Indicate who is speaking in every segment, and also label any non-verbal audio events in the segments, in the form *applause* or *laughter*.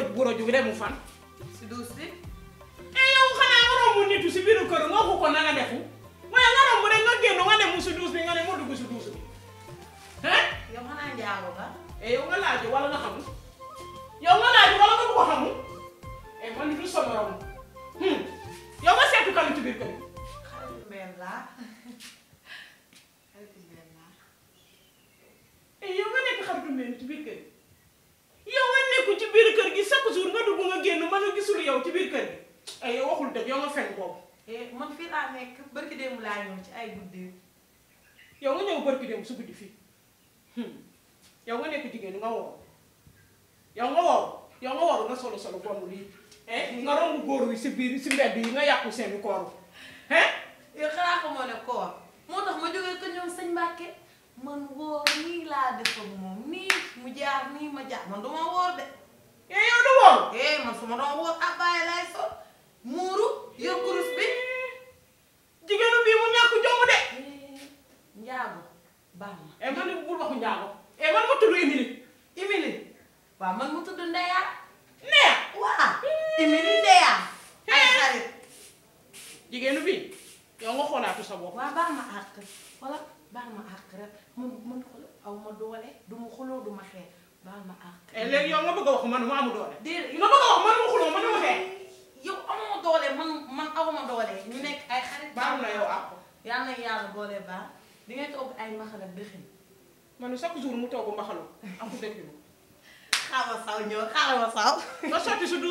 Speaker 1: buroj buroju bi demu fan. si douche bi. te eh, yow xanaa nga romb nitu si biiru kër nga ko ko na nga defu mooy nga romb rek nga génn nga ne mu si douche bi nga ne moo dugg si douche bi. yow xanaa njaago nga. Eh, yow nga laaj wala nga xamul yow nga laaj wala. waxul dëgg yow nga fen boobu. Eh, man fii laa nekk barki démb laa ñëw ci ay guddi. yow nga ñëw barki démb su guddi fii hmm. yow nga nekk jigéen nga woowu yow nga woowu yow nga woowu nga solo solo góor lii. Eh, nga romb góor wi si biir si mbedd yi nga yàqu seeni koor. Eh? yow xanaa xamoo ne koor moo tax ma jógee ko ñoom sëñ Mbàkke man woor nii laa def moom nii mu jaar nii ma jaar man du ma woor de. yow yow du woor. eh man su ma doon woor abbaay ah, laay muuru yor kurus bi jigéenu bii mu ñàkk jom de. njaago baax na. et eh, man bul waxu njaago. et eh, man ma tudd Émilie. Émilie waaw man mu tudd Ndeya. Ndeya hmm. eh. jigéenu bii yow nga xoolaatu sa bopp. waaw baax ma àq xoolal baax ma àq rek man man xoolal aw ma doole du ma du ma xeex baax ma àq. léegi yow nga bëgg a man mu amu doole. déedéet nga bëgg a man mu xuloo man mu xeex. amoo doole man man awma doole ñu nekk ay xarit. baalu na yow àpp. yal na yàlla boole baax di ngay togg ay mbaxal ak dëxin. man chaque jour mu togg mbaxalu am ku dëxinu. xaaral ma saw ñëw xaaral ma nga sotti su du.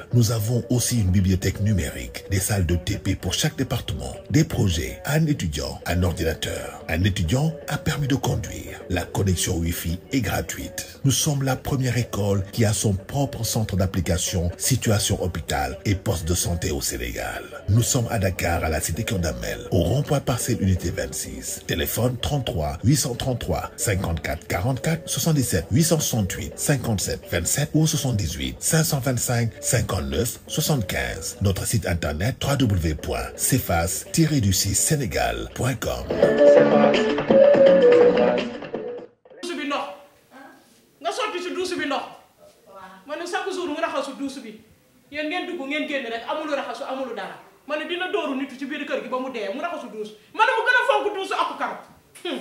Speaker 2: Nous avons aussi pour chaque département, des projets, un étudiant, un ordinateur, un étudiant, un permis de conduire. La la première école qui a son propre centre d'application, situation hôpital de santé au Sénégal. Nous sommes à Dakar, à la cité Kondamel, au rond-point parcelle unité 26. Téléphone 33 833 54 44 59 75. Notre site du si
Speaker 1: duus bi ndox ma ne chaque raxasu duus bi yéen ngeen dugg ngeen génn rek raxasu amulu dara ma dina dooru nitu ci biir kër gi ba mu dee mu raxasu duus ma ne mu gën a fonk duusu ak karam hmm.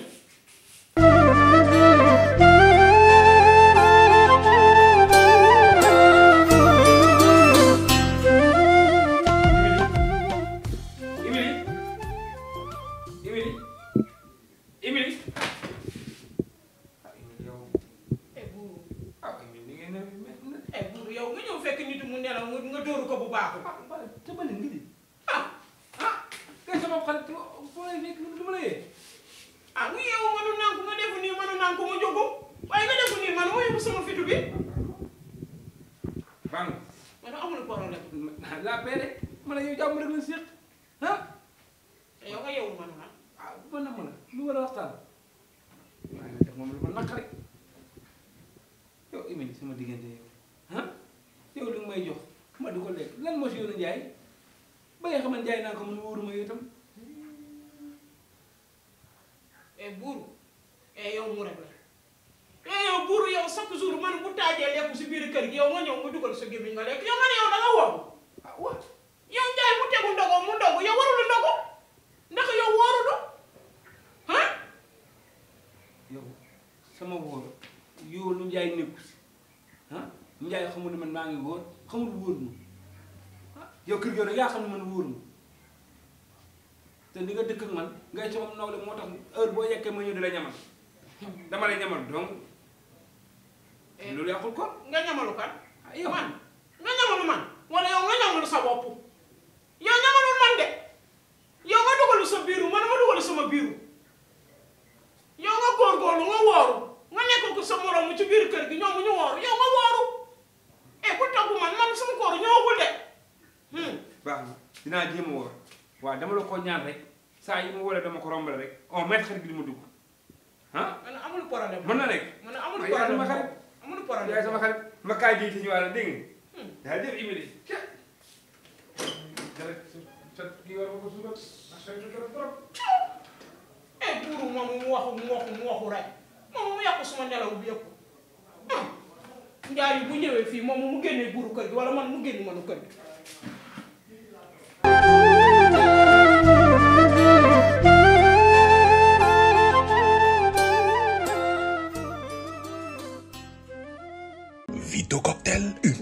Speaker 1: nga ko bu baaxul. ah waaw tëbali nga ah ah kay sama xarit bu lay nekk lu ma la yee. ah nga yeewu ma du nànk nga defu nii ma du nànk ma nga defu nii man ma yóbbu sama fitu bi. ban man amul problème *laughs* la paix de ma ne yow jàmm rek la séq eh, nga yeewu ma du nànk. ah bu ma nàmm la lu war a waxtaan. waaye nag moom lu ma naqari yow jaay naa ko man wóoruma yow itam. et eh, buuru et eh, yow mu rek la et eh, yow buuru yow chaque jour man bu taajee lekk si biir kër gi yow nga ñëw dugal sa gémmiñ nga lekk yow man yow da nga wow. ah waaw njaay mu tegu ndogo mu ndogo yow warul ndogo ndax yow wóoru do ah. sama wóoru yow lu njaay nekku si ah njaay xamul ne man maa ngi wóor xamul wóor ma yow kër gi yow yaa xam ne man wóor te ni nga dëkk ak man ngay sama nawle moo tax heure boo yekkee ma ñëw di la ñamal dama lay ñamal donc eh, loolu nga ñamalu kan ah, yow man nga ñamalu man wala yow nga ñamalu sa bopp yow ñamalul man de yow nga dugalu sa biiru man ma dugalu sama biiru yow nga góorgóorlu nga wooru nga nekk ko sa moromu ci biir kër gi ñoom ñu wooru yow nga wooru e ku togg man man sama koor ñëwagul de hmm. baax na dinaa jéem a woor waaw dama la ko ñaan rek saa yi mu wala dama ko rombale rek on met xarit bi di ma dugg ah. man amul problème mën na nekk. man amul ma xarit amul problème yaay sama xarit ma kaay bii ci ñëwaale dégg nga. daal hmm. def ko eh, suma nelaw bi yëpp hmm. njaay bu ñëwee fii moom mu génnee buuru kër gi wala man mu génn manu kër gi.